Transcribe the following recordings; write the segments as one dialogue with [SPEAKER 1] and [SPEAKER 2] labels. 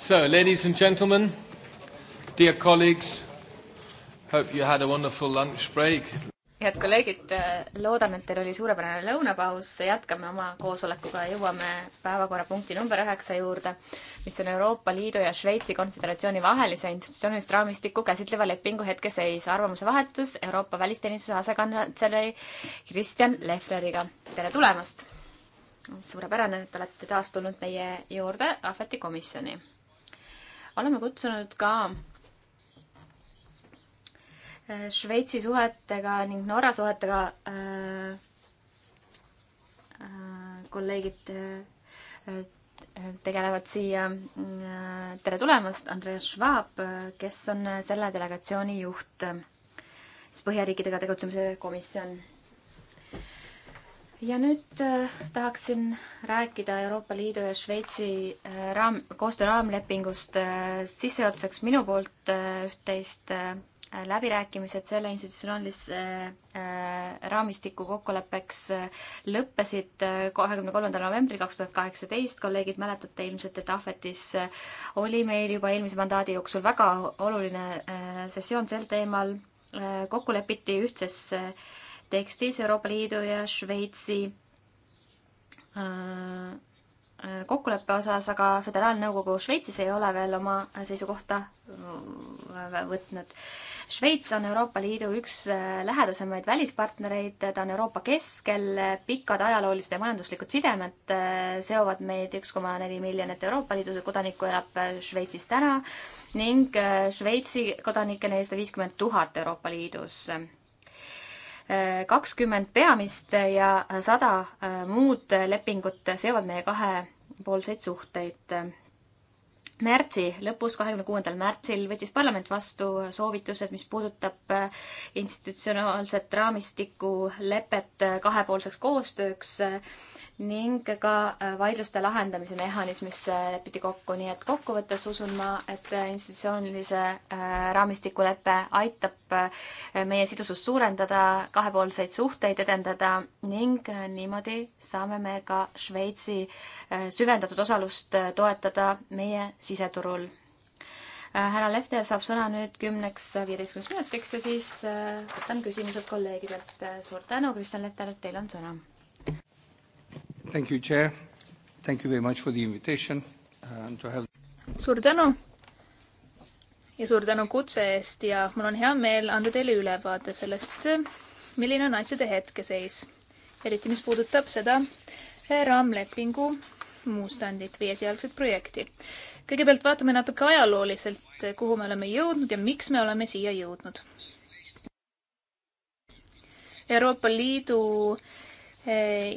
[SPEAKER 1] So, ladies and gentlemen, dear colleagues, hope you had a wonderful lunch break.
[SPEAKER 2] head kolleegid, äh, loodan, et teil oli suurepärane lõunapaus, jätkame oma koosolekuga, jõuame päevakorrapunkti number üheksa juurde, mis on Euroopa Liidu ja Šveitsi Konföderatsiooni vahelise institutsioonilist raamistikku käsitleva lepingu hetkeseis, arvamuse vahetus Euroopa Välisteenistuse asekantsleri Kristjan Lefreriga. tere tulemast! suurepärane, et olete taas tulnud meie juurde, Ahveti komisjoni oleme kutsunud ka äh, Šveitsi suhetega ning Norra suhetega äh, äh, kolleegid äh, äh tegelevad siia. Äh, tere tulemast, Andreas Schwab, kes on selle delegatsiooni juht, siis Põhjariikidega tegutsemise komisjon ja nüüd äh, tahaksin rääkida Euroopa Liidu ja Šveitsi äh, raam, koostöö raamlepingust äh, sissejuhatuseks minu poolt äh, üht-teist äh, läbirääkimised selle institutsionaalise äh, äh, raamistiku kokkuleppeks äh, lõppesid äh, kahekümne äh, kolmandal novembril kaks tuhat kaheksateist. kolleegid, mäletate ilmselt, et Ahvetis äh, oli meil juba eelmise mandaadi jooksul väga oluline sessioon sel teemal. kokku lepiti ühtses äh, tekstis Euroopa Liidu ja Šveitsi äh, äh, kokkuleppe osas, aga Föderaalnõukogu Šveitsis ei ole veel oma seisukohta äh, võtnud. Šveits on Euroopa Liidu üks lähedasemaid välispartnereid, ta on Euroopa keskel, pikad ajaloolised ja majanduslikud sidemed seovad meid, üks koma neli miljonit Euroopa Liidu kodanikku elab Šveitsis täna ning Šveitsi kodanikena nelisada viiskümmend tuhat Euroopa Liidus kakskümmend peamist ja sada äh, muud lepingut seovad meie kahepoolseid suhteid. märtsi lõpus, kahekümne kuuendal märtsil võttis parlament vastu soovitused, mis puudutab äh, institutsionaalset raamistikku, lepet äh, kahepoolseks koostööks ning ka äh, vaidluste lahendamise mehhanismis äh, lepiti kokku, nii et kokkuvõttes usun ma, et äh, institutsioonilise raamistikulepe aitab meie sidusust suurendada, kahepoolseid suhteid edendada ning niimoodi saame me ka Šveitsi süvendatud osalust toetada meie siseturul. härra Lefter saab sõna nüüd kümneks, viieteistkümneks minutiks ja siis võtan küsimused kolleegidelt. suur tänu, Kristjan Lefter, teil on sõna
[SPEAKER 3] Thank you, chair. Thank you very much for the invitation um, to have.
[SPEAKER 1] suur tänu ja suur tänu kutse eest ja mul on hea meel anda teile ülevaade sellest, milline on asjade hetkeseis. eriti, mis puudutab seda eh, raamlepingu muustandit või esialgset projekti. kõigepealt vaatame natuke ajalooliselt, kuhu me oleme jõudnud ja miks me oleme siia jõudnud. Euroopa Liidu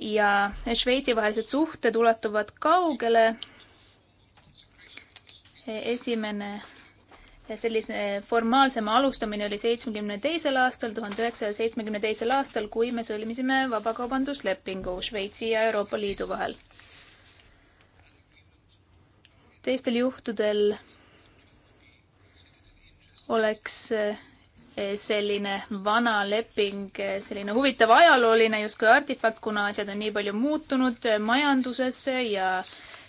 [SPEAKER 1] ja Šveitsi vahelised suhted ulatuvad kaugele. esimene sellise formaalsema alustamine oli seitsmekümne teisel aastal, tuhande üheksasaja seitsmekümne teisel aastal, kui me sõlmisime vabakaubanduslepingu Šveitsi ja Euroopa Liidu vahel. teistel juhtudel oleks selline vana leping, selline huvitav ajalooline justkui artifakt, kuna asjad on nii palju muutunud majanduses ja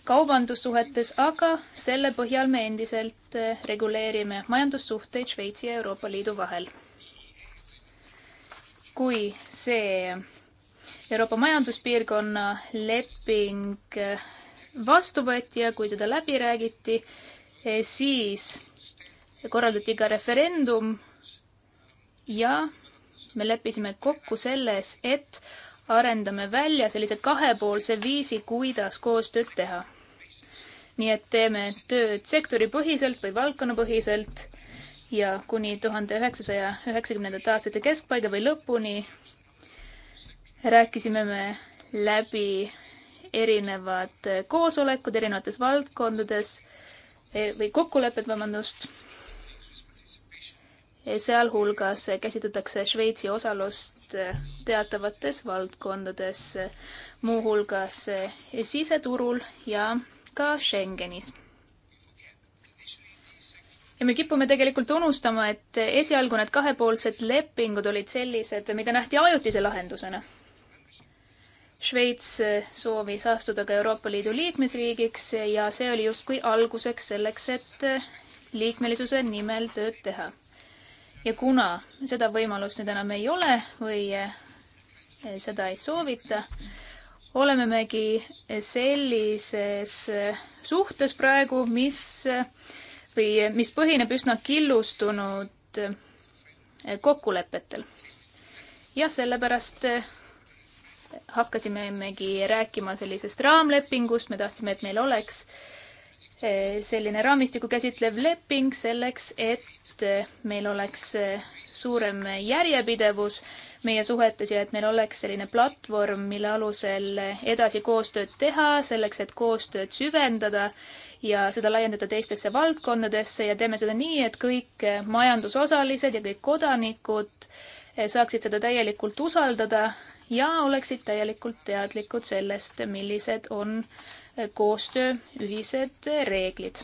[SPEAKER 1] kaubandussuhetes, aga selle põhjal me endiselt reguleerime majandussuhteid Šveitsi ja Euroopa Liidu vahel. kui see Euroopa Majanduspiirkonna leping vastu võeti ja kui seda läbi räägiti, siis korraldati ka referendum ja me leppisime kokku selles, et arendame välja sellise kahepoolse viisi, kuidas koostööd teha. nii et teeme tööd sektoripõhiselt või valdkonnapõhiselt ja kuni tuhande üheksasaja üheksakümnendate aastate keskpaiga või lõpuni rääkisime me läbi erinevad koosolekud erinevates valdkondades eh, või kokkulepped, vabandust sealhulgas käsitletakse Šveitsi osalust teatavates valdkondades, muuhulgas siseturul ja ka Schengenis ja me kipume tegelikult unustama, et esialgu need kahepoolsed lepingud olid sellised, mida nähti ajutise lahendusena. Šveits soovis astuda ka Euroopa Liidu liikmesriigiks ja see oli justkui alguseks selleks, et liikmelisuse nimel tööd teha ja kuna seda võimalust nüüd enam ei ole või eh, seda ei soovita, olemegi sellises eh, suhtes praegu, mis eh, või mis põhineb üsna killustunud kokkulepetel. ja sellepärast hakkasimegi rääkima sellisest raamlepingust, me tahtsime, et meil oleks selline raamistikku käsitlev leping selleks, et et eh, meil oleks eh, suurem järjepidevus meie suhetes ja et meil oleks selline platvorm, mille alusel eh, edasi koostööd teha, selleks et koostööd süvendada ja seda laiendada teistesse valdkondadesse ja teeme seda nii, et kõik majandusosalised ja kõik kodanikud saaksid seda täielikult usaldada ja oleksid täielikult teadlikud sellest, millised on koostöö ühised reeglid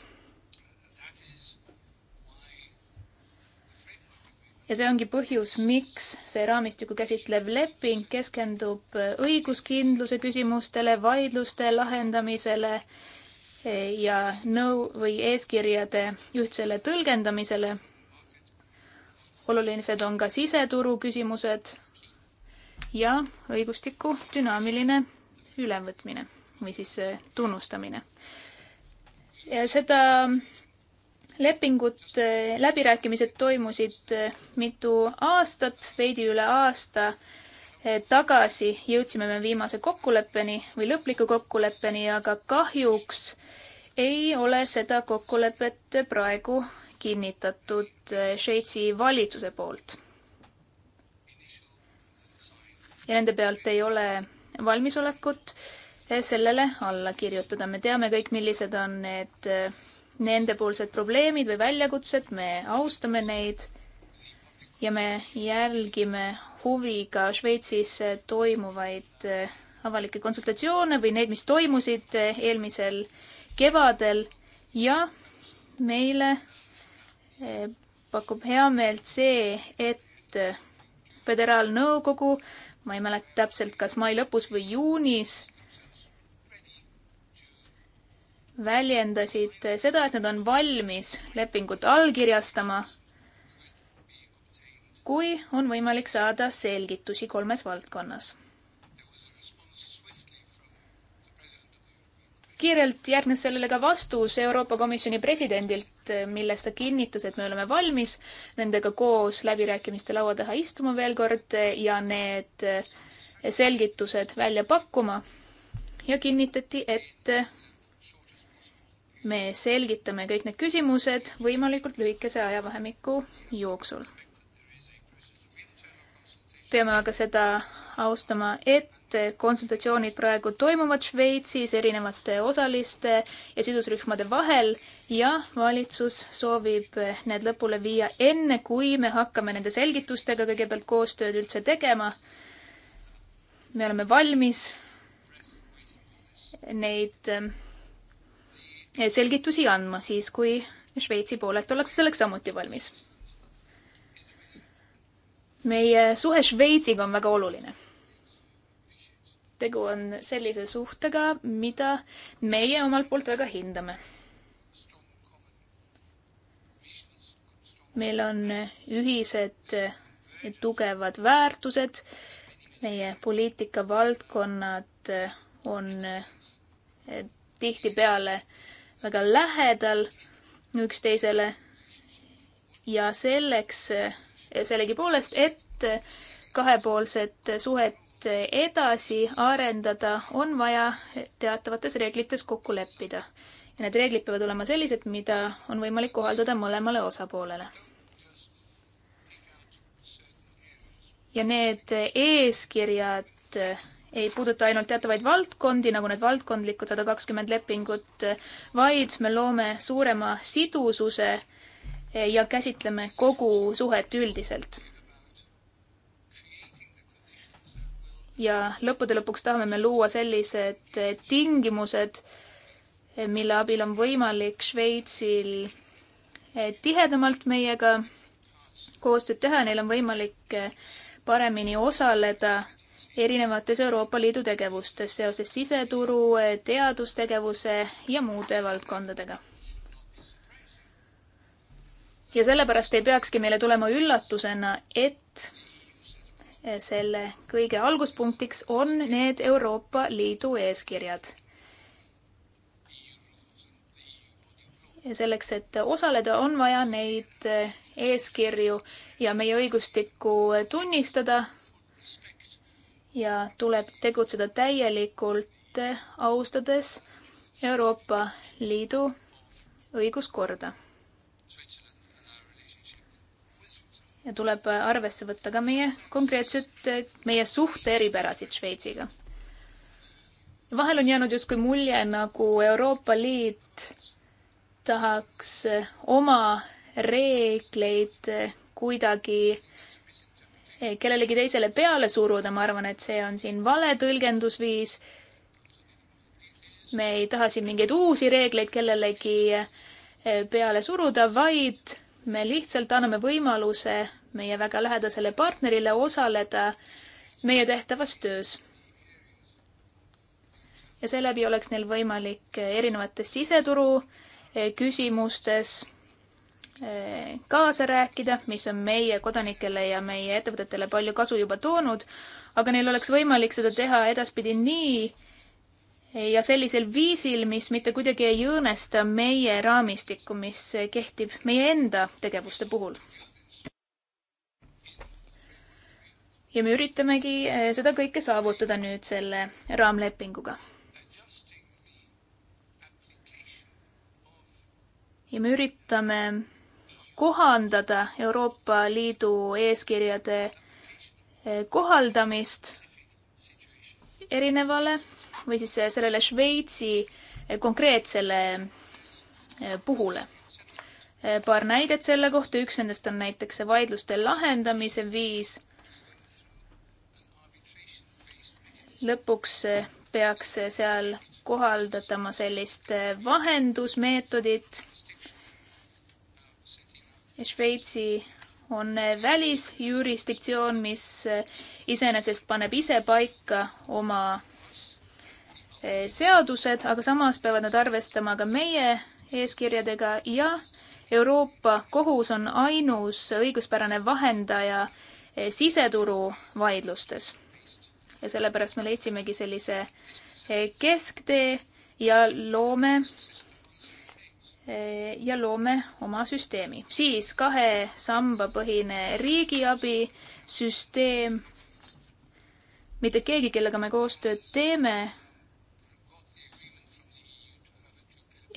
[SPEAKER 1] ja see ongi põhjus, miks see raamistikku käsitlev leping keskendub õiguskindluse küsimustele, vaidluste lahendamisele ja nõu või eeskirjade ühtsele tõlgendamisele. olulised on ka siseturu küsimused ja õigustiku dünaamiline ülevõtmine või siis tunnustamine. ja seda lepingut, äh, läbirääkimised toimusid äh, mitu aastat, veidi üle aasta äh, tagasi jõudsime me viimase kokkuleppeni või lõpliku kokkuleppeni, aga kahjuks ei ole seda kokkulepet praegu kinnitatud Šveitsi valitsuse poolt. ja nende pealt ei ole valmisolekut sellele alla kirjutada. me teame kõik, millised on need nendepoolsed probleemid või väljakutsed, me austame neid ja me jälgime huviga Šveitsis toimuvaid eh, avalikke konsultatsioone või neid, mis toimusid eh, eelmisel kevadel ja meile eh, pakub heameelt see, et Föderaalnõukogu, ma ei mäleta täpselt, kas mai lõpus või juunis, väljendasid seda, et nad on valmis lepingut allkirjastama, kui on võimalik saada selgitusi kolmes valdkonnas. kiirelt järgnes sellele ka vastus Euroopa Komisjoni presidendilt, milles ta kinnitas, et me oleme valmis nendega koos läbirääkimiste laua taha istuma veel kord ja need selgitused välja pakkuma. ja kinnitati, et me selgitame kõik need küsimused võimalikult lühikese ajavahemiku jooksul. peame aga seda austama, et konsultatsioonid praegu toimuvad Šveitsis erinevate osaliste ja sidusrühmade vahel ja valitsus soovib need lõpule viia enne, kui me hakkame nende selgitustega kõigepealt koostööd üldse tegema. me oleme valmis neid selgitusi andma siis, kui Šveitsi poolelt ollakse selleks samuti valmis. meie suhe Šveitsiga on väga oluline. tegu on sellise suhtega, mida meie omalt poolt väga hindame. meil on ühised tugevad väärtused, meie poliitikavaldkonnad on tihtipeale äh, väga lähedal üksteisele. ja selleks sellegipoolest, et kahepoolset suhet edasi arendada, on vaja teatavates reeglites kokku leppida. ja need reeglid peavad olema sellised, mida on võimalik kohaldada mõlemale osapoolele ja need eeskirjad ei puuduta ainult teatavaid valdkondi, nagu need valdkondlikud sada kakskümmend lepingut, vaid me loome suurema sidususe ja käsitleme kogu suhet üldiselt. ja lõppude lõpuks tahame me luua sellised tingimused, mille abil on võimalik Šveitsil tihedamalt meiega koostööd teha, neil on võimalik paremini osaleda erinevates Euroopa Liidu tegevustes seoses siseturu, teadustegevuse ja muude valdkondadega. ja sellepärast ei peakski meile tulema üllatusena, et selle kõige alguspunktiks on need Euroopa Liidu eeskirjad ja selleks, et osaleda, on vaja neid eeskirju ja meie õigustikku tunnistada ja tuleb tegutseda täielikult, austades Euroopa Liidu õiguskorda. ja tuleb arvesse võtta ka meie konkreetset, meie suhte eripärasid Šveitsiga. vahel on jäänud justkui mulje, nagu Euroopa Liit tahaks oma reegleid kuidagi kellelegi teisele peale suruda, ma arvan, et see on siin vale tõlgendusviis. me ei taha siin mingeid uusi reegleid kellelegi eh, peale suruda, vaid me lihtsalt anname võimaluse meie väga lähedasele partnerile osaleda meie tehtavas töös. ja seeläbi oleks neil võimalik eh, erinevates siseturu eh, küsimustes kaasa rääkida, mis on meie kodanikele ja meie ettevõtetele palju kasu juba toonud, aga neil oleks võimalik seda teha edaspidi nii ja sellisel viisil, mis mitte kuidagi ei õõnesta meie raamistikku, mis kehtib meie enda tegevuste puhul. ja me üritamegi eh, seda kõike saavutada nüüd selle raamlepinguga ja me üritame kohandada Euroopa Liidu eeskirjade eh, kohaldamist erinevale või siis eh, sellele Šveitsi eh, konkreetsele puhule. paar näidet selle kohta, üks nendest on näiteks see vaidluste lahendamise viis. lõpuks peaks seal kohaldatama sellist vahendusmeetodit Šveitsi on välisjurisdiktsioon, mis eh, iseenesest paneb ise paika oma eh, seadused, aga samas peavad nad arvestama ka meie eeskirjadega ja Euroopa Kohus on ainus õiguspärane vahendaja eh, siseturu vaidlustes. ja sellepärast me leidsimegi sellise kesktee ja loome Eh, ja loome oma süsteemi. siis kahe samba põhine riigiabi süsteem. mitte keegi, kellega me koostööd teeme,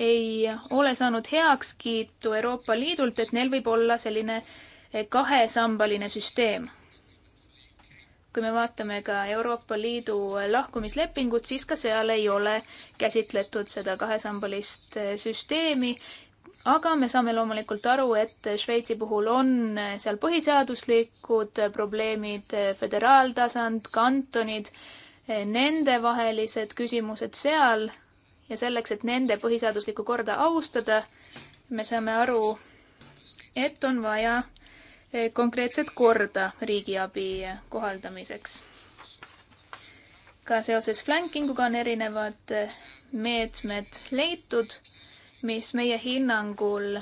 [SPEAKER 1] ei ole saanud heakskiitu Euroopa Liidult, et neil võib olla selline eh, kahesambaline süsteem kui me vaatame ka Euroopa Liidu lahkumislepingut, siis ka seal ei ole käsitletud seda kahesambalist süsteemi. aga me saame loomulikult aru, et Šveitsi puhul on seal põhiseaduslikud probleemid, föderaaltasand, kantonid, nendevahelised küsimused seal ja selleks, et nende põhiseaduslikku korda austada, me saame aru, et on vaja Eh, konkreetset korda riigiabi kohaldamiseks. ka seoses flankinguga on erinevad eh, meetmed leitud, mis meie hinnangul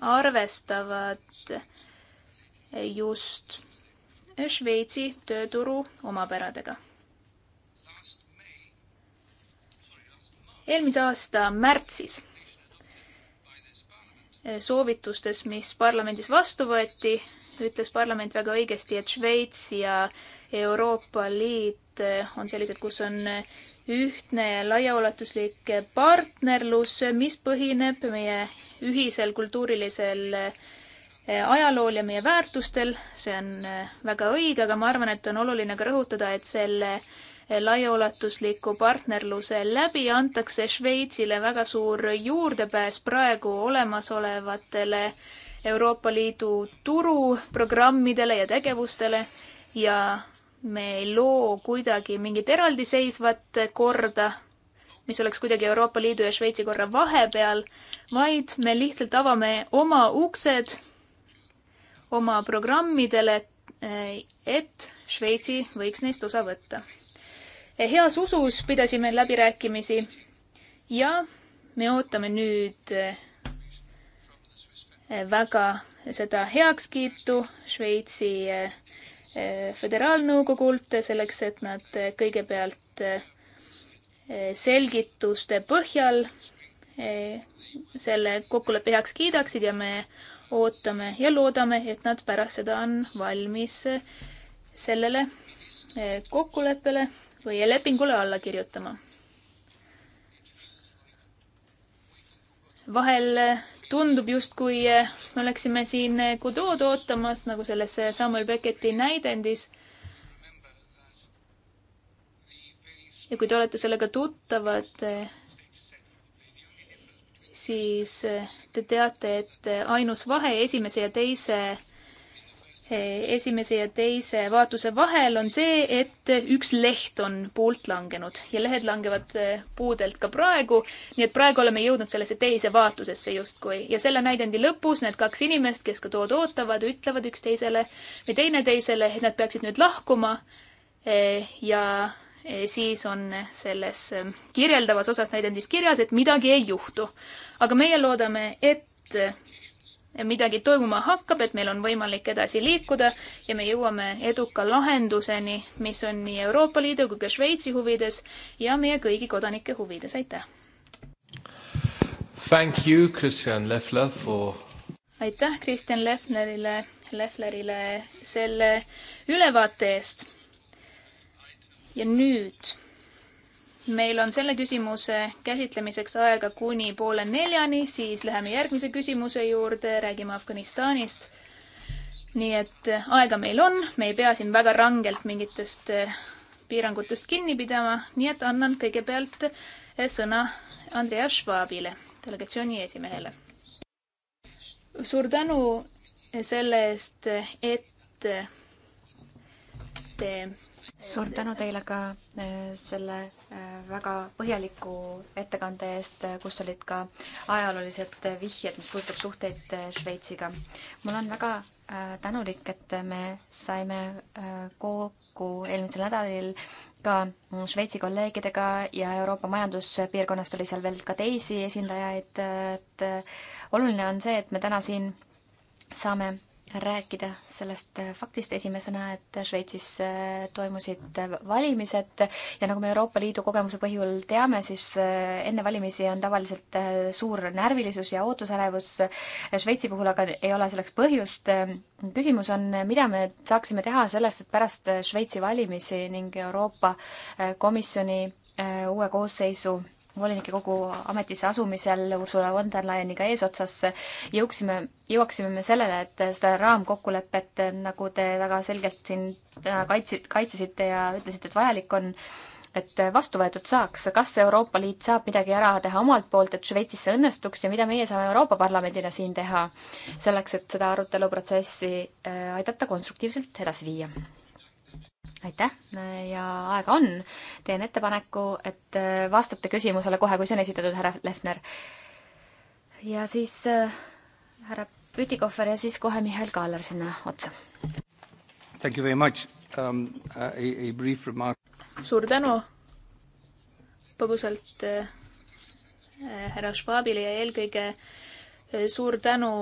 [SPEAKER 1] arvestavad eh, just Šveitsi tööturu omapäradega. eelmise aasta märtsis soovitustes, mis parlamendis vastu võeti, ütles parlament väga õigesti, et Šveits ja Euroopa Liit eh, on sellised, kus on ühtne laiaulatuslik partnerlus, mis põhineb meie ühisel kultuurilisel eh, ajalool ja meie väärtustel. see on eh, väga õige, aga ma arvan, et on oluline ka rõhutada, et selle äh, laiaulatusliku partnerluse läbi antakse Šveitsile väga suur juurdepääs praegu olemasolevatele Euroopa Liidu turuprogrammidele ja tegevustele ja me ei loo kuidagi mingit eraldiseisvat korda, mis oleks kuidagi Euroopa Liidu ja Šveitsi korra vahepeal, vaid me lihtsalt avame oma uksed oma programmidele, et Šveitsi võiks neist osa võtta. Eh, heas usus pidasime läbirääkimisi ja me ootame nüüd eh, väga seda heakskiitu Šveitsi eh, föderaalnõukogult selleks, et nad kõigepealt selgituste põhjal selle kokkuleppe heaks kiidaksid ja me ootame ja loodame, et nad pärast seda on valmis sellele kokkuleppele või lepingule alla kirjutama. vahel tundub justkui me oleksime siin Godot ootamas, nagu selles Samuel Becketi näidendis. ja kui te olete sellega tuttavad, siis te teate, et ainus vahe esimese ja teise esimese ja teise vaatuse vahel on see, et üks leht on poolt langenud ja lehed langevad eh, puudelt ka praegu. nii et praegu oleme jõudnud sellesse teise vaatusesse justkui ja selle näidendi lõpus need kaks inimest, kes ka tood ootavad, ütlevad üksteisele või teineteisele, et nad peaksid nüüd lahkuma. Eh, ja eh, siis on selles kirjeldavas osas näidendis kirjas, et midagi ei juhtu. aga meie loodame, et midagi toimuma hakkab, et meil on võimalik edasi liikuda ja me jõuame eduka lahenduseni, mis on nii Euroopa Liidu kui ka Šveitsi huvides ja meie kõigi kodanike huvides, aitäh! Thank you, Kristjan Lefler for aitäh Kristjan Lefnerile, Leflerile selle ülevaate eest. ja nüüd meil on selle küsimuse käsitlemiseks aega kuni poole neljani, siis läheme järgmise küsimuse juurde, räägime Afganistanist. nii et aega meil on, me ei pea siin väga rangelt mingitest eh, piirangutest kinni pidama, nii et annan kõigepealt eh, sõna Andreas Schwabile, delegatsiooni esimehele. suur tänu eh, selle eest, et te suur tänu teile ka äh, selle äh, väga põhjaliku
[SPEAKER 2] ettekande eest, äh, kus olid ka ajaloolised vihjed, mis puudutab suhteid Šveitsiga. mul on väga tänulik, et me saime kokku eelmisel nädalal ka mm, Šveitsi kolleegidega ja Euroopa Majanduspiirkonnast oli seal veel ka teisi esindajaid, et oluline on see, et me täna siin saame rääkida sellest faktist esimesena, et Šveitsis äh, toimusid valimised ja nagu me Euroopa Liidu kogemuse põhjul teame, siis äh, enne valimisi on tavaliselt äh, suur närvilisus ja ootusärevus. Šveitsi puhul aga ei ole selleks põhjust. küsimus on, mida me saaksime teha selles, et pärast Šveitsi valimisi ning Euroopa Komisjoni uue koosseisu volinike kogu ametisse asumisel Ursula von der Leyeniga eesotsas jõuksime, jõuaksime me sellele, et seda raamkokkulepet, nagu te väga selgelt siin täna kaitsid, kaitsesite ja ütlesite, et vajalik on, et vastu võetud saaks, kas Euroopa Liit saab midagi ära teha omalt poolt, et Šveitsis see õnnestuks ja mida meie saame Euroopa Parlamendina siin teha selleks, et seda aruteluprotsessi äh, aidata konstruktiivselt edasi viia? aitäh ja aega on. teen ettepaneku, et äh, vastate küsimusele kohe, kui see on esitatud, härra Lehtner. ja siis äh, härra Pütikohver ja siis kohe Mihhail Kaaler sinna otsa.
[SPEAKER 3] Thank you very much um,. A, a brief remark.
[SPEAKER 1] suur tänu. põgusalt äh, härra Schwabile ja eelkõige äh, suur tänu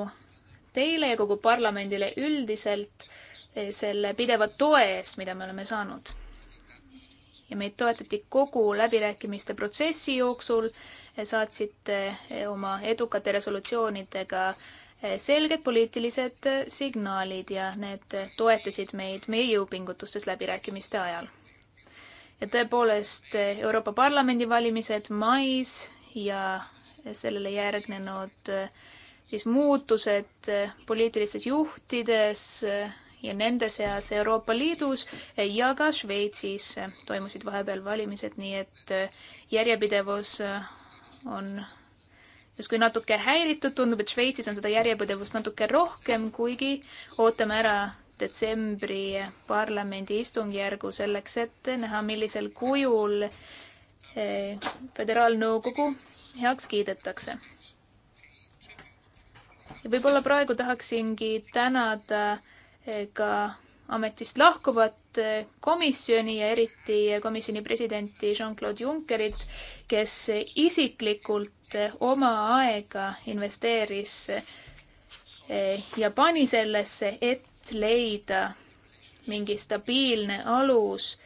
[SPEAKER 1] teile ja kogu parlamendile üldiselt äh, selle pideva toe eest, mida me oleme saanud. ja meid toetati kogu läbirääkimiste protsessi jooksul, saatsite oma edukate resolutsioonidega eh, selged poliitilised signaalid ja need toetasid meid meie jõupingutustes läbirääkimiste ajal. ja tõepoolest Euroopa Parlamendi valimised mais ja sellele järgnenud eh, siis muutused poliitilistes juhtides ja nende seas Euroopa Liidus ja ka Šveitsis toimusid vahepeal valimised, nii et äh, järjepidevus äh, on justkui natuke häiritud, tundub, et Šveitsis on seda järjepidevust natuke rohkem, kuigi ootame ära detsembri parlamendi istungjärgu selleks, et näha, millisel kujul äh, föderaalnõukogu heaks kiidetakse. ja võib-olla praegu tahaksingi tänada äh, ka ametist lahkuvat komisjoni ja eriti komisjoni presidenti Jean-Claude Junckerit, kes isiklikult oma aega investeeris eh, ja pani sellesse, et leida mingi stabiilne alus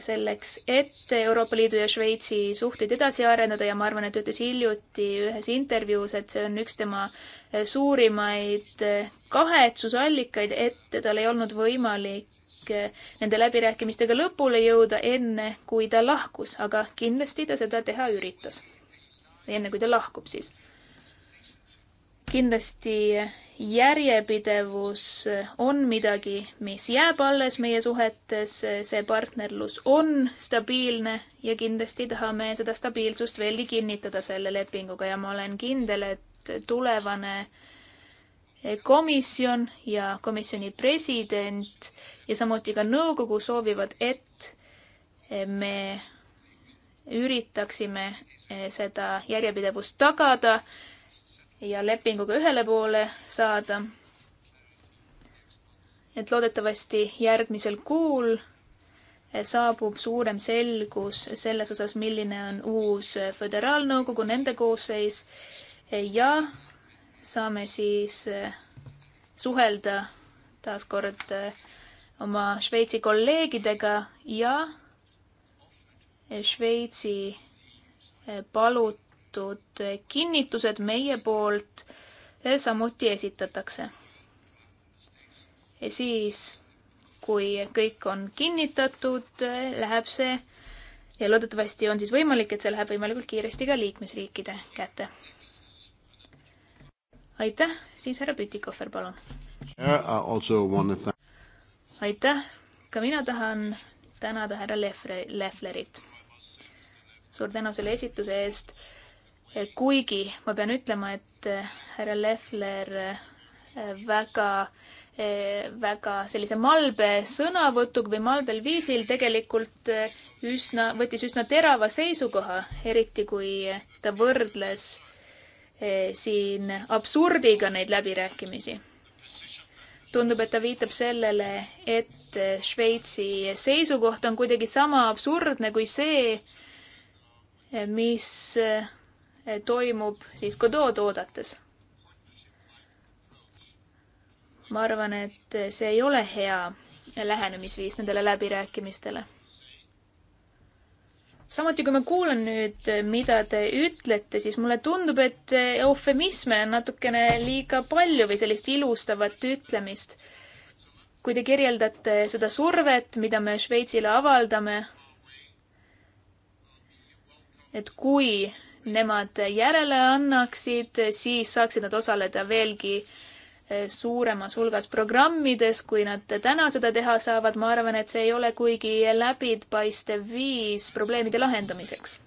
[SPEAKER 1] selleks, et Euroopa Liidu ja Šveitsi suhteid edasi arendada ja ma arvan, et ütles hiljuti ühes intervjuus, et see on üks tema eh, suurimaid eh, kahetsusallikaid, et tal ei olnud võimalik eh, nende läbirääkimistega lõpule jõuda enne, kui ta lahkus, aga kindlasti ta seda teha üritas. enne kui ta lahkub, siis kindlasti järjepidevus on midagi, mis jääb alles meie suhetes, see partnerlus on stabiilne ja kindlasti tahame seda stabiilsust veelgi kinnitada selle lepinguga ja ma olen kindel, et tulevane komisjon ja komisjoni president ja samuti ka nõukogu soovivad, et me üritaksime seda järjepidevust tagada ja lepinguga ühele poole saada. et loodetavasti järgmisel kuul saabub suurem selgus selles osas, milline on uus föderaalnõukogu, nende koosseis ja saame siis suhelda taaskord eh, oma Šveitsi kolleegidega ja Šveitsi eh, palut-, teatud kinnitused meie poolt eh, samuti esitatakse. ja siis, kui kõik on kinnitatud, eh, läheb see ja loodetavasti on siis võimalik, et see läheb võimalikult kiiresti ka liikmesriikide kätte. aitäh, siis härra Pütikohver, palun. aitäh, ka mina tahan tänada härra Lehvre, Lehvlerit. suur tänu selle esituse eest kuigi ma pean ütlema, et eh, härra Lehler eh, väga eh, väga sellise malbe sõnavõtuga või malbel viisil tegelikult üsna, võttis üsna terava seisukoha, eriti kui ta võrdles siin absurdiga neid läbirääkimisi. tundub, et ta viitab sellele, et Šveitsi seisukoht on kuidagi sama absurdne kui see, mis Eh, toimub siis Godot toodetes. ma arvan, et see ei ole hea lähenemisviis nendele läbirääkimistele. samuti, kui ma kuulan nüüd, mida te ütlete, siis mulle tundub, et eufemisme on natukene liiga palju või sellist ilustavat ütlemist. kui te kirjeldate seda survet, mida me Šveitsile avaldame, et kui nemad järele annaksid, siis saaksid nad osaleda veelgi eh, suuremas hulgas programmides, kui nad täna seda teha saavad, ma arvan, et see ei ole kuigi läbipaistev viis probleemide lahendamiseks.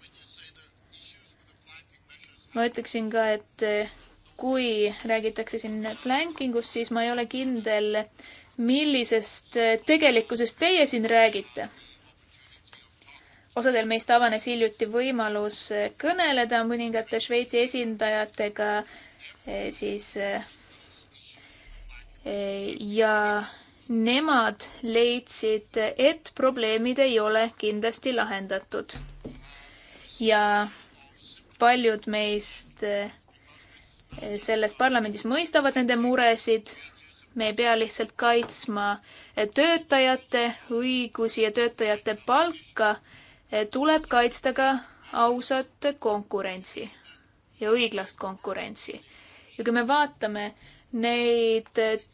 [SPEAKER 1] ma ütleksin ka, et eh, kui räägitakse siin plankingust, siis ma ei ole kindel, millisest eh, tegelikkusest teie siin räägite osadel meist avanes hiljuti võimalus eh, kõneleda mõningate Šveitsi esindajatega eh, siis eh, ja nemad leidsid, et probleemid ei ole kindlasti lahendatud. ja paljud meist selles parlamendis mõistavad nende muresid. me ei pea lihtsalt kaitsma töötajate õigusi ja töötajate palka Eh, tuleb kaitsta ka ausat konkurentsi ja õiglast konkurentsi. ja kui me vaatame neid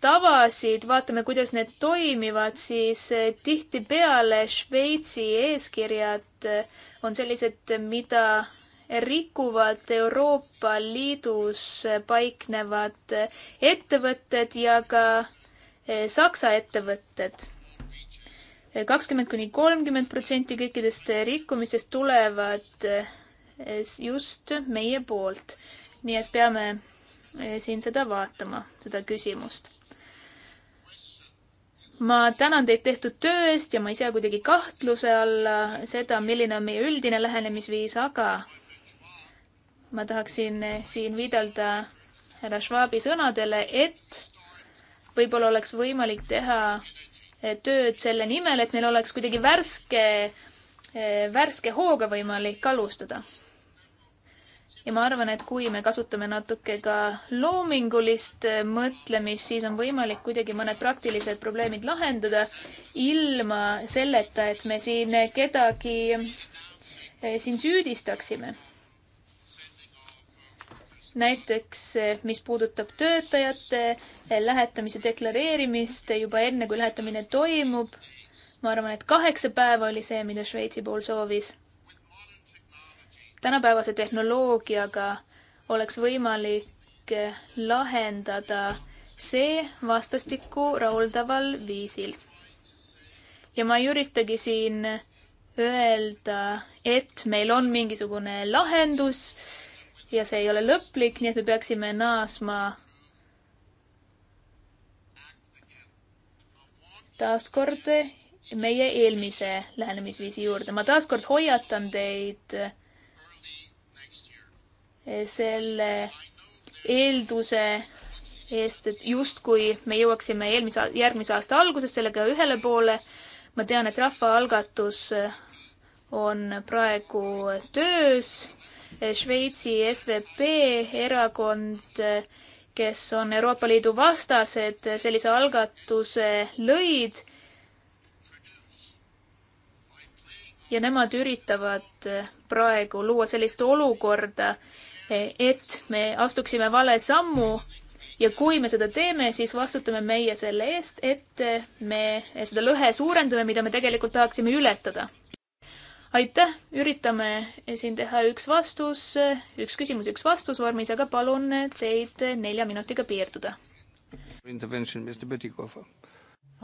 [SPEAKER 1] tavasid, vaatame, kuidas need toimivad, siis eh, tihtipeale Šveitsi eeskirjad eh, on sellised, mida rikuvad Euroopa Liidus paiknevad ettevõtted ja ka Saksa ettevõtted kakskümmend kuni kolmkümmend protsenti kõikidest rikkumistest tulevad eh, just meie poolt. nii et peame eh, siin seda vaatama, seda küsimust. ma tänan teid tehtud töö eest ja ma ei sea kuidagi kahtluse alla seda, milline on meie üldine lähenemisviis, aga ma tahaksin eh, siin viidelda härra Schwabi sõnadele, et võib-olla oleks võimalik teha tööd selle nimel, et meil oleks kuidagi värske, eh, värske hooga võimalik alustada. ja ma arvan, et kui me kasutame natuke ka loomingulist eh, mõtlemist, siis on võimalik kuidagi mõned praktilised probleemid lahendada ilma selleta, et me siin kedagi eh, siin süüdistaksime näiteks mis puudutab töötajate lähetamise deklareerimist juba enne, kui lähetamine toimub. ma arvan, et kaheksa päeva oli see, mida Šveitsi pool soovis. tänapäevase tehnoloogiaga oleks võimalik lahendada see vastastikku rahuldaval viisil. ja ma ei üritagi siin öelda, et meil on mingisugune lahendus ja see ei ole lõplik, nii et me peaksime naasma taaskord meie eelmise lähenemisviisi juurde. ma taaskord hoiatan teid selle eelduse eest, et justkui me jõuaksime eelmise, järgmise aasta alguses sellega ühele poole. ma tean, et rahvaalgatus on praegu töös Šveitsi SVP erakond, kes on Euroopa Liidu vastased, sellise algatuse lõid. ja nemad üritavad praegu luua sellist olukorda, et me astuksime vale sammu ja kui me seda teeme, siis vastutame meie selle eest, et me seda lõhe suurendame, mida me tegelikult tahaksime ületada aitäh, üritame siin teha üks vastus, üks küsimus, üks vastus vormis, aga palun teid nelja minutiga piirduda.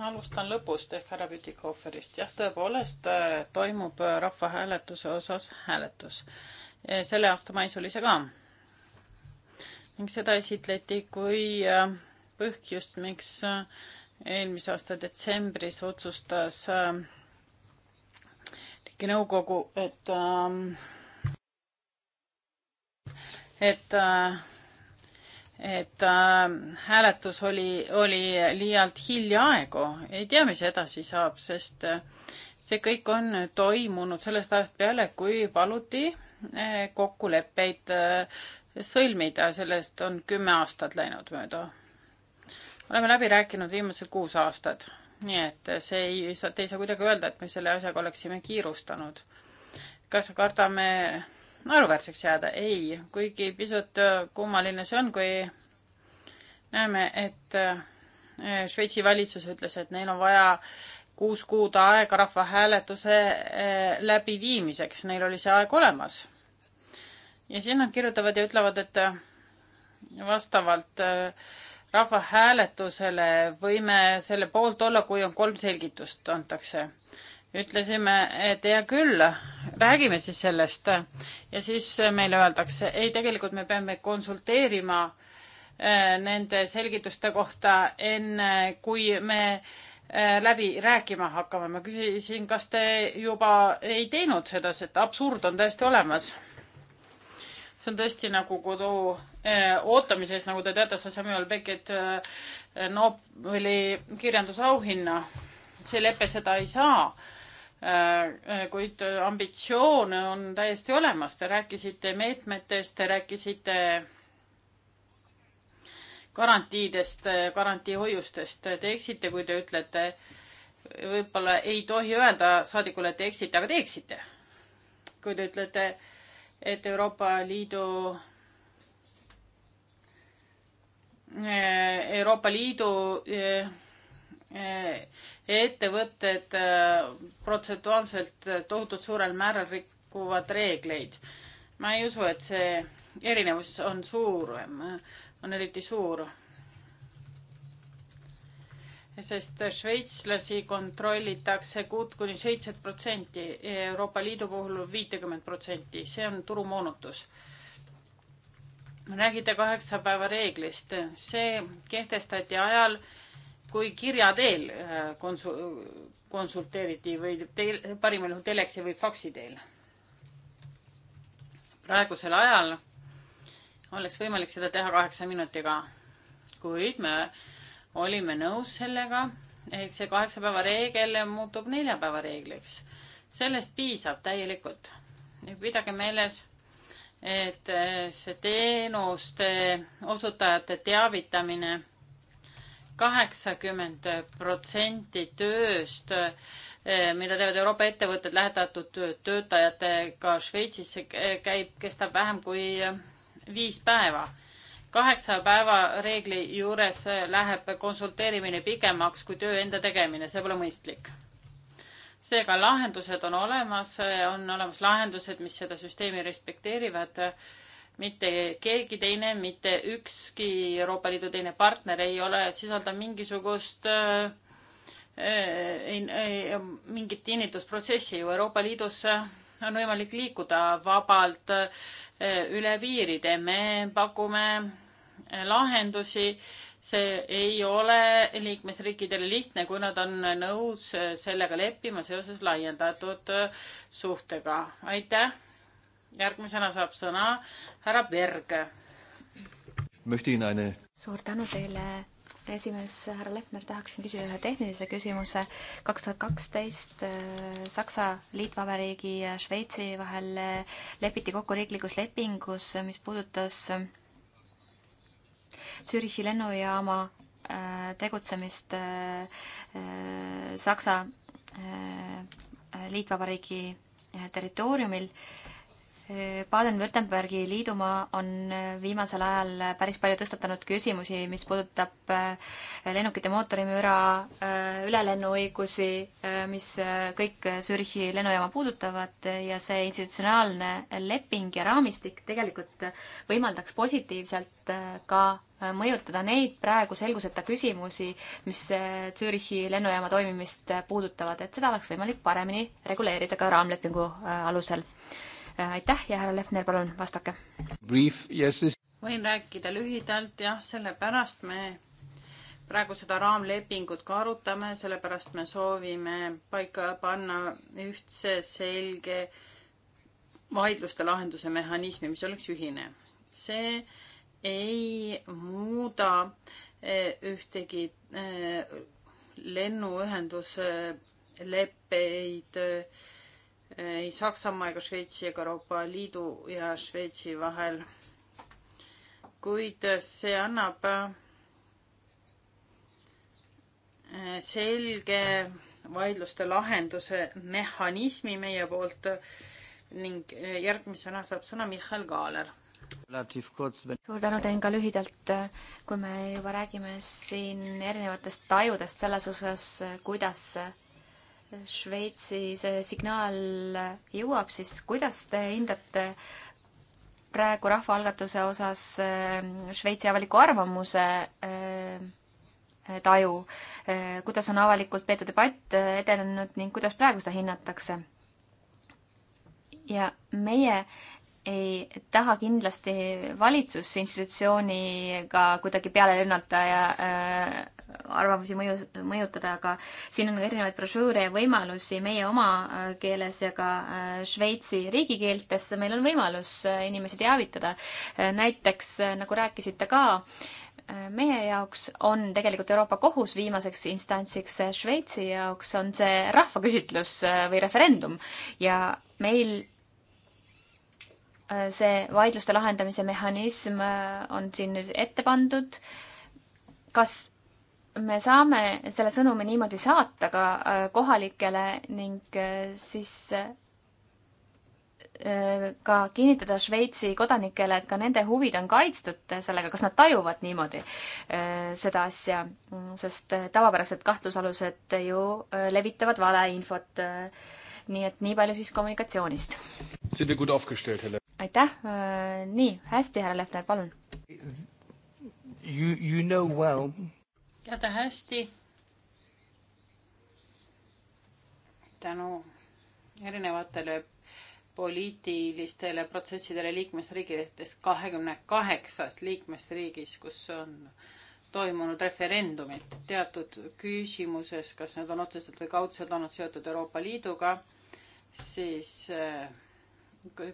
[SPEAKER 3] alustan lõpust ehk härra Pütikoferist. jah, tõepoolest äh, toimub äh, rahvahääletuse osas hääletus. selle aasta mais oli see ka. ning seda esitleti kui äh, põhjust, miks eelmise aasta detsembris otsustas äh, ja nõukogu, et ähm, et äh, et äh, hääletus oli, oli liialt hiljaaegu, ei tea, mis edasi saab, sest äh, see kõik on toimunud sellest ajast peale, kui paluti äh, kokkuleppeid äh, sõlmida, sellest on kümme aastat läinud mööda. oleme läbi rääkinud viimased kuus aastat nii et see ei saa, te ei saa kuidagi öelda, et me selle asjaga oleksime kiirustanud. kas kardame naeruväärseks jääda? ei, kuigi pisut kummaline see on, kui näeme, et eh, Šveitsi valitsus ütles, et neil on vaja kuus kuud aega rahvahääletuse eh, läbiviimiseks, neil oli see aeg olemas. ja siis nad kirjutavad ja ütlevad, et eh, vastavalt äh, rahvahääletusele, võime selle poolt olla, kui on kolm selgitust antakse. ütlesime, et hea küll, räägime siis sellest ja siis meile öeldakse, ei, tegelikult me peame konsulteerima eh, nende selgituste kohta, enne kui me eh, läbi rääkima hakkame. ma küsisin, kas te juba ei teinud seda, sest absurd on täiesti olemas see on tõesti nagu kodu eh, ootamises, nagu te teate, see Samuel Beckett eh, Nobeli kirjandusauhinna. see lepe seda ei saa. Eh, kuid ambitsioon on täiesti olemas, te rääkisite meetmetest, te rääkisite garantiidest, garantiihoiustest, te eksite, kui te ütlete, võib-olla ei tohi öelda saadikule, et te eksite, aga te eksite. kui te ütlete äh, et Euroopa Liidu Euroopa Liidu eh, eh, ettevõtted eh, protsentuaalselt tohutult suurel määral rikuvad reegleid. ma ei usu, et see erinevus on suur, on eriti suur sest šveitslasi kontrollitakse kuut kuni seitset protsenti, Euroopa Liidu puhul viitekümmet protsenti, see on turumoonutus. räägite kaheksa päeva reeglist, see kehtestati ajal, kui kirja teel äh, konsu-, konsulteeriti või teel, parimal juhul teleksi või faksi teel. praegusel ajal oleks võimalik seda teha kaheksa minutiga, kuid me olime nõus sellega, et see kaheksa päeva reegel muutub nelja päeva reegliks. sellest piisab täielikult. pidage meeles, et eh, see teenuste osutajate teavitamine kaheksakümmend protsenti tööst, eh, mida teevad Euroopa ettevõtted lähetatud töötajatega Šveitsisse, eh, käib, kestab vähem kui viis päeva kaheksa päeva reegli juures läheb konsulteerimine pikemaks kui töö enda tegemine, see pole mõistlik. seega lahendused on olemas, on olemas lahendused, mis seda süsteemi respekteerivad. mitte keegi teine, mitte ükski Euroopa Liidu teine partner ei ole, sisaldab mingisugust äh, äh, mingit kinnitusprotsessi ju Euroopa Liidus on võimalik liikuda vabalt äh, üle piiride. me pakume lahendusi. see ei ole liikmesriikidele lihtne, kui nad on nõus sellega leppima seoses laiendatud suhtega. aitäh. järgmisena saab sõna härra Berg.
[SPEAKER 2] suur tänu teile esimees härra Leppner, tahaksin küsida ühe tehnilise küsimuse. kaks tuhat kaksteist äh, Saksa Liitvabariigi ja Šveitsi vahel lepiti kokku riiklikus lepingus, mis puudutas Zürichi lennujaama äh, tegutsemist äh, äh, Saksa liitvabariigi territooriumil Baden-Württembergi liidumaa on viimasel ajal päris palju tõstatanud küsimusi, mis puudutab äh, lennukite mootorimüra, äh, ülelennuõigusi, äh, mis kõik Zürichi lennujaama puudutavad ja see institutsionaalne leping ja raamistik tegelikult võimaldaks positiivselt ka mõjutada neid praegu selguseta küsimusi, mis Zürichi lennujaama toimimist puudutavad, et seda oleks võimalik paremini reguleerida ka raamlepingu alusel Äh, aitäh ja härra Lefner, palun vastake. Yes, this...
[SPEAKER 3] võin rääkida lühidalt, jah, sellepärast me praegu seda raamlepingut ka arutame, sellepärast me soovime paika panna ühtse, selge vaidluste lahenduse mehhanismi, mis oleks ühine. see ei muuda eh, ühtegi eh, lennuühenduse leppeid äh, ei Saksamaa ega Šveitsi ega Euroopa Liidu ja Šveitsi vahel. kuid see annab eh, selge vaidluste lahenduse mehhanismi meie poolt ning eh, järgmisena saab sõna Michal Kaaler. suur tänu,
[SPEAKER 2] teen ka lühidalt, eh, kui me juba räägime siin erinevatest tajudest selles osas, kuidas Šveitsi see signaal jõuab, siis kuidas te hindate praegu rahvaalgatuse osas eh, Šveitsi avaliku arvamuse eh, eh, taju, kuidas on avalikult peetud debatt edenenud ning kuidas praegu seda hinnatakse? ja meie ei taha kindlasti valitsusinstitutsiooniga kuidagi peale lennata ja arvamusi mõju, mõjutada, aga siin on erinevaid brošüüre ja võimalusi meie oma äh, keeles ja ka äh, Šveitsi riigikeeltes meil on võimalus äh, inimesi teavitada. näiteks nagu rääkisite ka, meie jaoks on tegelikult Euroopa Kohus viimaseks instantsiks, Šveitsi jaoks on see rahvaküsitlus või referendum ja meil see vaidluste lahendamise mehhanism on siin nüüd ette pandud. kas me saame selle sõnumi niimoodi saata ka äh, kohalikele ning äh, siis äh, ka kinnitada Šveitsi kodanikele, et ka nende huvid on kaitstud sellega, kas nad tajuvad niimoodi seda asja, sest tavapärased kahtlusalused ju levitavad valeinfot. nii et nii palju siis kommunikatsioonist. aitäh, nii hästi, härra Lehtner, palun.
[SPEAKER 3] You, you know well teate hästi, tänu erinevatele poliitilistele protsessidele liikmesriikides, kahekümne kaheksas liikmesriigis, kus on toimunud referendumid teatud küsimuses, kas need on otseselt või kaudselt olnud seotud Euroopa Liiduga, siis eh,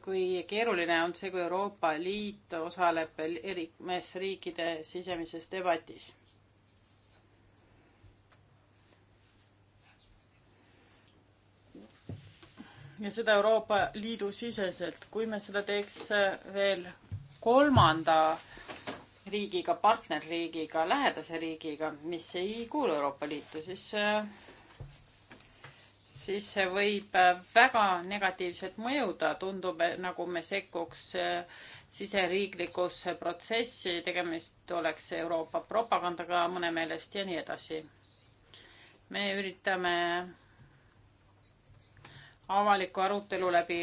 [SPEAKER 3] kui keeruline on see, kui Euroopa Liit osaleb liikmesriikide sisemises debatis. ja seda Euroopa Liidu siseselt. kui me seda teeks äh, veel kolmanda riigiga, partnerriigiga, lähedase riigiga, mis ei kuulu Euroopa Liitu, siis äh, siis see võib äh, väga negatiivselt mõjuda, tundub, nagu me sekkuks siseriiklikusse protsessi, tegemist oleks Euroopa propagandaga mõne meelest ja nii edasi. me üritame avaliku arutelu läbi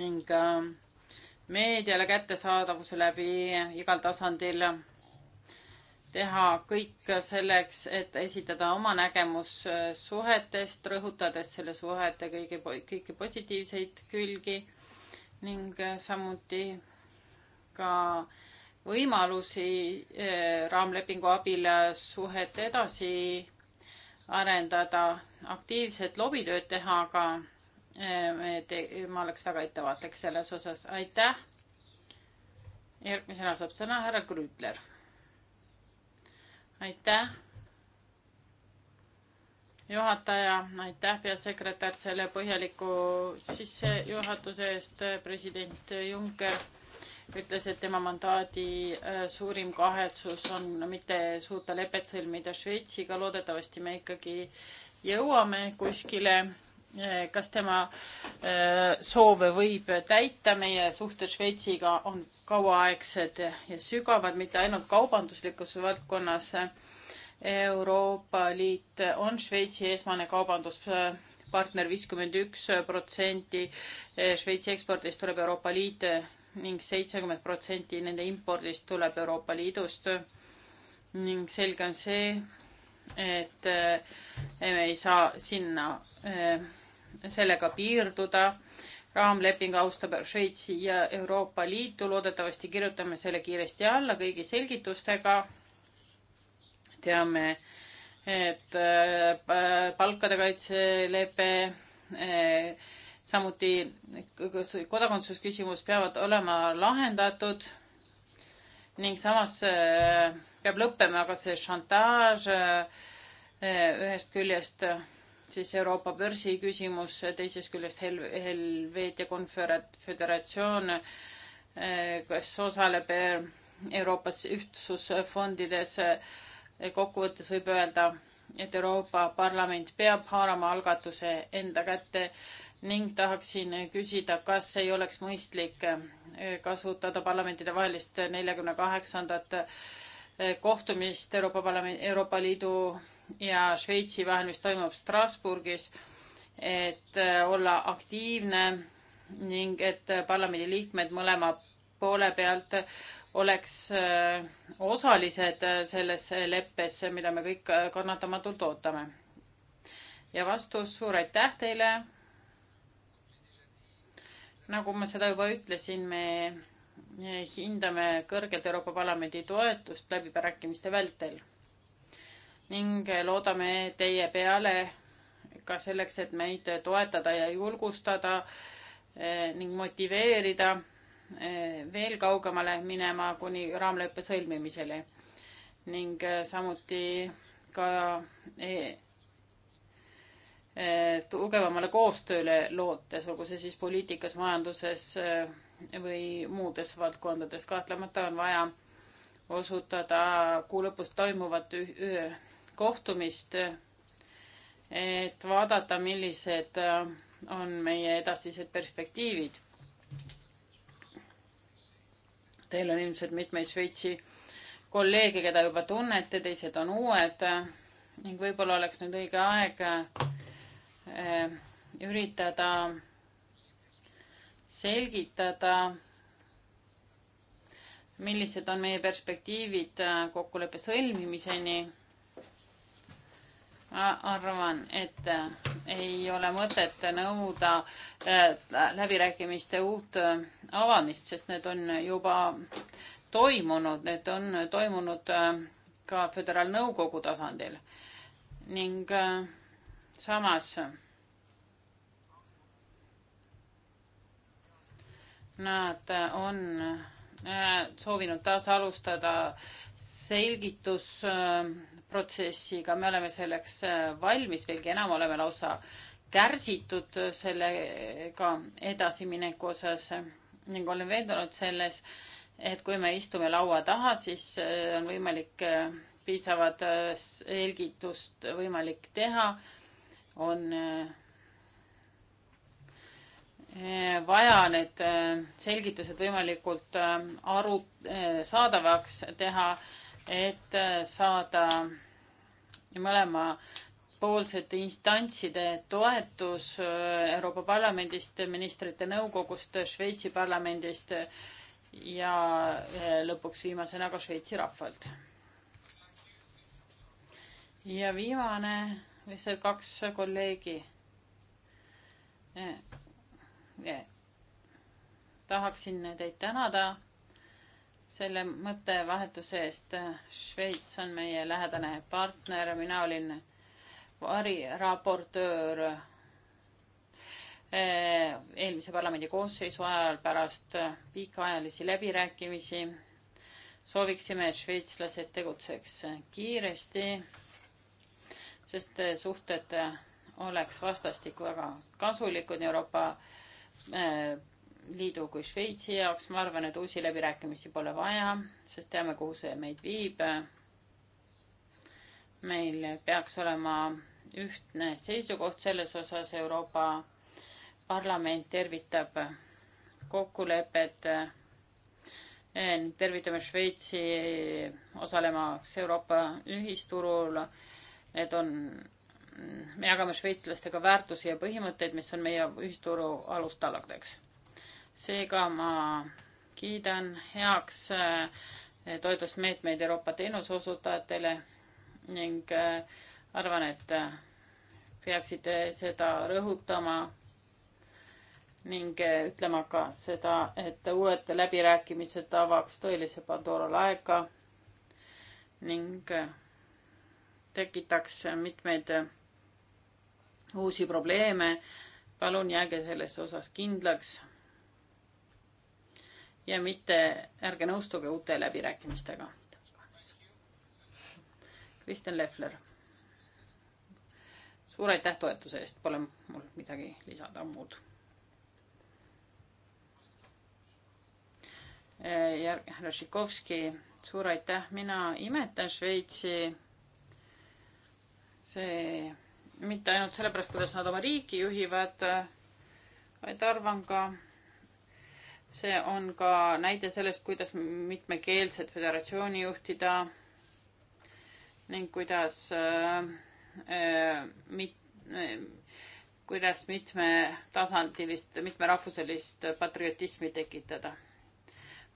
[SPEAKER 3] ning äh, meediale kättesaadavuse läbi igal tasandil teha kõik selleks, et esitada oma nägemus äh, suhetest, rõhutades selle suhete kõige, kõiki positiivseid külgi ning äh, samuti ka võimalusi raamlepingu abil suhet edasi arendada, aktiivset lobitööd teha, aga eh, me te-, ma oleks väga ettevaatlik selles osas, aitäh. järgmisena saab sõna härra Krüütler. aitäh. juhataja, aitäh, peasekretär, selle põhjaliku sissejuhatuse eest, president Juncker ütles, et tema mandaadi äh, suurim kahetsus on mitte suuta lepet sõlmida Šveitsiga, loodetavasti me ikkagi jõuame kuskile. Äh, kas tema äh, soove võib täita, meie suhted Šveitsiga on kauaaegsed ja sügavad, mitte ainult kaubanduslikus valdkonnas. Euroopa Liit on Šveitsi esmane kaubanduspartner, viiskümmend üks protsenti Šveitsi ekspordist tuleb Euroopa Liit ning seitsekümmend protsenti nende impordist tuleb Euroopa Liidust. ning selge on see, et eh, me ei saa sinna eh, sellega piirduda. raamleping austab Šveitsi ja Euroopa Liitu, loodetavasti kirjutame selle kiiresti alla kõigi selgitustega. teame, et eh, palkade kaitse lepe samuti kodakondsusküsimus peavad olema lahendatud ning samas äh, peab lõppema ka see šantaaž äh, ühest küljest äh, siis Euroopa börsi küsimus, teisest küljest Hel-, Helveetia konföderatsioon, kes osaleb Euroopas ühtsusfondides. kokkuvõttes võib öelda, et Euroopa Parlament peab haarama algatuse enda kätte ning tahaksin küsida, kas ei oleks mõistlik eh, kasutada parlamentide vahelist neljakümne kaheksandat eh, kohtumist Euroopa Parlamendi, Euroopa Liidu ja Šveitsi vahel, mis toimub Strasbourgis, et eh, olla aktiivne ning et parlamendi liikmed mõlema poole pealt oleks osalised selles leppes, mida me kõik kannatamatult ootame. ja vastus, suur aitäh teile nagu ma seda juba ütlesin, me hindame kõrgelt Euroopa Parlamendi toetust läbipärääkimiste vältel ning loodame teie peale ka selleks, et meid toetada ja julgustada eh, ning motiveerida eh, veel kaugemale minema kuni raamleppe sõlmimiseni ning eh, samuti ka e Eh, tugevamale koostööle lootes, olgu see siis poliitikas, majanduses eh, või muudes valdkondades. kahtlemata on vaja osutada kuu lõpus toimuvat kohtumist, et vaadata, millised eh, on meie edasised perspektiivid. Teil on ilmselt mitmeid Šveitsi kolleege, keda juba tunnete, teised on uued ning võib-olla oleks nüüd õige aeg Äh, üritada selgitada, millised on meie perspektiivid äh, kokkuleppe sõlmimiseni. ma arvan, et äh, ei ole mõtet nõuda läbirääkimiste uut avamist, sest need on juba toimunud, need on toimunud ka föderaalnõukogu tasandil ning äh, samas nad on äh, soovinud taas alustada selgitusprotsessiga, me oleme selleks äh, valmis, veelgi enam, oleme lausa kärsitud sellega edasimineku osas ning olen veendunud selles, et kui me istume laua taha, siis äh, on võimalik piisavat selgitust võimalik teha on eh, vaja need eh, selgitused võimalikult eh, aru saadavaks teha, et saada mõlemapoolsete instantside toetus Euroopa Parlamendist, ministrite nõukogust, Šveitsi parlamendist ja lõpuks viimasena ka Šveitsi rahvalt. ja viimane lihtsalt kaks kolleegi eh, eh. tahaksin teid tänada selle mõttevahetuse eest. Šveits on meie lähedane partner, mina olin variraportöör eh, eelmise parlamendi koosseisu ajal pärast pikaajalisi läbirääkimisi sooviksime, et šveitslased tegutseks kiiresti sest eh, suhted eh, oleks vastastikku väga kasulikud Euroopa eh, Liidu kui Šveitsi jaoks. ma arvan, et uusi läbirääkimisi pole vaja, sest teame, kuhu see meid viib. meil peaks olema ühtne seisukoht selles osas. Euroopa Parlament tervitab kokkulepet tervitame Šveitsi osalemaks Euroopa ühisturul Need on, me jagame šveitslastega väärtusi ja põhimõtteid, mis on meie ühisturu alustalladeks. seega ma kiidan heaks eh, toetusmeetmeid Euroopa teenuseosutajatele ning eh, arvan, et eh, peaksite seda rõhutama ning ütlema ka seda, et uued läbirääkimised avaks tõelise Pandora laeka ning tekitaks mitmeid uusi probleeme. palun jääge selles osas kindlaks. ja mitte, ärge nõustuge uute läbirääkimistega. Kristjan Lehler. suur aitäh toetuse eest, pole mul midagi lisada muud. järg-, härra Šikovski, suur aitäh, mina imetan Šveitsi see mitte ainult sellepärast, kuidas nad oma riiki juhivad, vaid arvan ka, see on ka näide sellest, kuidas mitmekeelset föderatsiooni juhtida ning kuidas äh, äh mit- äh,, kuidas mitmetasandilist, mitmerahvuselist patriotismi tekitada.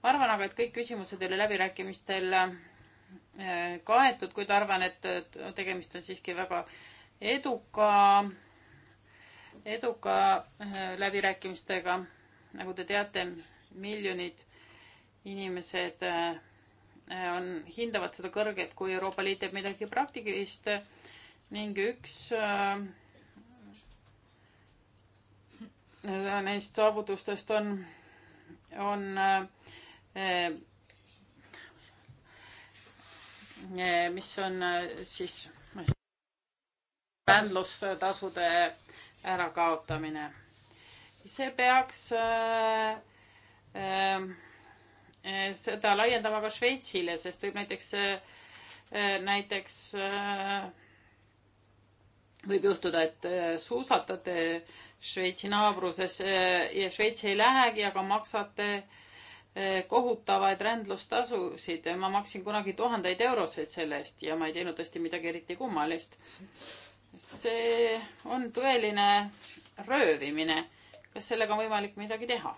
[SPEAKER 3] ma arvan aga, et kõik küsimused oli läbirääkimistel Eh, kaetud, kuid arvan, et tegemist on siiski väga eduka, eduka eh, läbirääkimistega. nagu te teate, miljonid inimesed eh, on, hindavad seda kõrgelt, kui Euroopa Liit teeb midagi praktilist ning üks äh, neist saavutustest on, on äh, Eh, mis on eh, siis vändlustasude ärakaotamine. see peaks äh, äh, seda laiendama ka Šveitsile, sest võib näiteks äh,, näiteks võib juhtuda, et suusatate Šveitsi naabruses ja Šveitsi ei lähegi, aga maksate äh, Eh, kohutavaid rändlustasusid, ma maksin kunagi tuhandeid euroseid selle eest ja ma ei teinud tõesti midagi eriti kummalist. see on tõeline röövimine. kas sellega on võimalik midagi teha?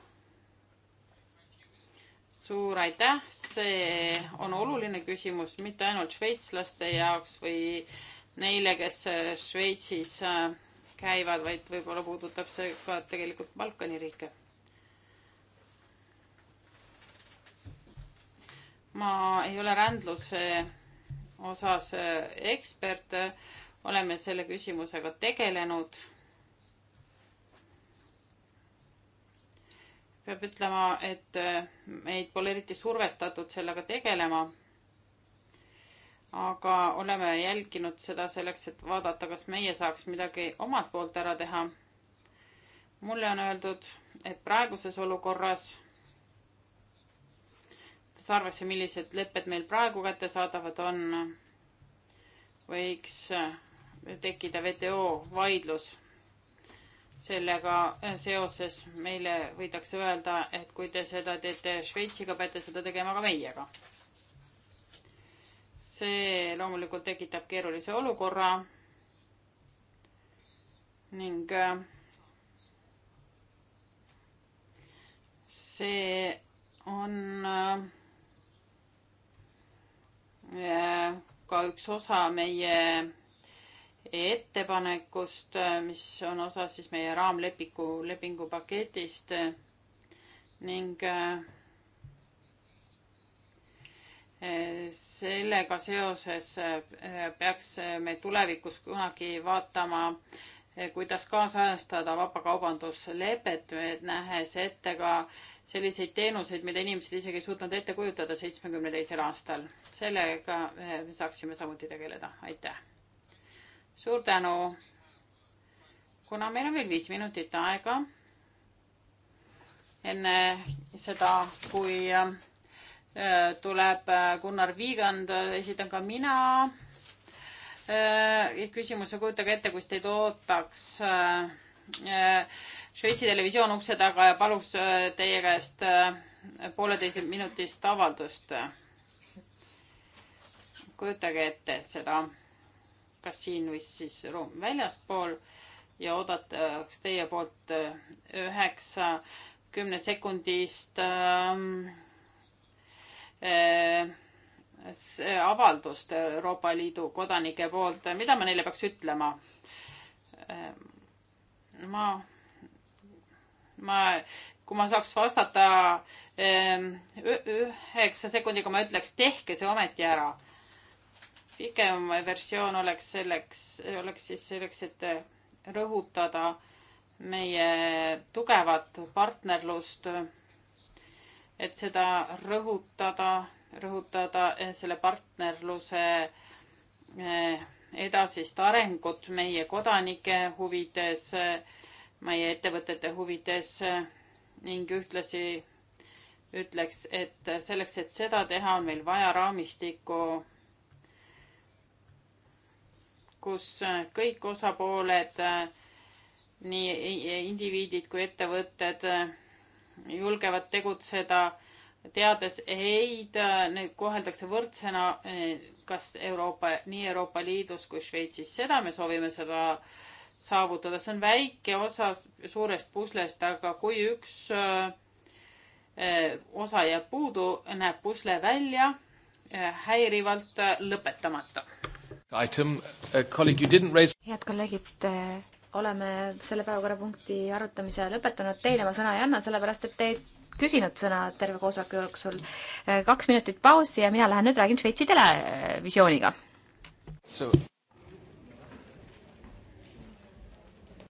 [SPEAKER 3] suur aitäh, see on oluline küsimus mitte ainult šveitslaste jaoks või neile, kes eh, Šveitsis eh, käivad, vaid võib-olla puudutab see ka tegelikult Balkani riike ma ei ole rändluse osas äh, ekspert, oleme selle küsimusega tegelenud. peab ütlema, et äh, meid pole eriti survestatud sellega tegelema. aga oleme jälginud seda selleks, et vaadata, kas meie saaks midagi omalt poolt ära teha. mulle on öeldud, et praeguses olukorras võttes arvesse, millised lepped meil praegu kättesaadavad on, võiks eh, tekkida WTO vaidlus. sellega eh, seoses meile võidakse öelda, et kui te seda teete Šveitsiga, peate seda tegema ka meiega. see loomulikult tekitab keerulise olukorra ning eh, see on ka üks osa meie ettepanekust, mis on osa siis meie raamlepingu, lepingupaketist ning eh, sellega seoses eh, peaks me tulevikus kunagi vaatama äh, kuidas kaasajastada vabakaubanduslepet, nähes ette ka selliseid teenuseid, mida inimesed isegi ei suutnud ette kujutada seitsmekümne teisel aastal. sellega eh, me saaksime samuti tegeleda, aitäh. suur tänu. kuna meil on veel viis minutit aega enne seda, kui eh, tuleb eh, Gunnar Viigand, esitan ka mina Äh, küsimus on, kujutage ette, kui teid ootaks äh, äh, Šveitsi televisioon ukse taga ja palus teie käest pooleteise minutist avaldust. kujutage ette seda, kas siin või siis väljaspool ja oodataks teie poolt üheksa kümne sekundist ähm, äh, äh, avaldust Euroopa Liidu kodanike poolt, mida ma neile peaks ütlema? ma, ma, kui ma saaks vastata ehm, üheksa sekundiga, ma ütleks, tehke see ometi ära. pikem versioon oleks selleks, oleks siis selleks, et rõhutada meie tugevat partnerlust, et seda rõhutada rõhutada selle partnerluse eh, edasist arengut meie kodanike huvides, meie ettevõtete huvides ning ühtlasi ütleks, et selleks, et seda teha, on meil vaja raamistikku, kus kõik osapooled, nii indiviidid kui ettevõtted julgevad tegutseda teades eid, neid koheldakse võrdsena eh, kas Euroopa, nii Euroopa Liidus kui Šveitsis, seda me soovime seda saavutada, see on väike osa suurest puslest, aga kui üks eh, osa jääb puudu, näeb pusle välja eh, häirivalt lõpetamata.
[SPEAKER 1] Raise...
[SPEAKER 2] head kolleegid, oleme selle päevakorrapunkti arutamise lõpetanud, teile ma sõna ei anna, sellepärast et teid küsinud sõna terve koosoleku jooksul. kaks minutit pausi ja mina lähen nüüd räägin Šveitsi televisiooniga.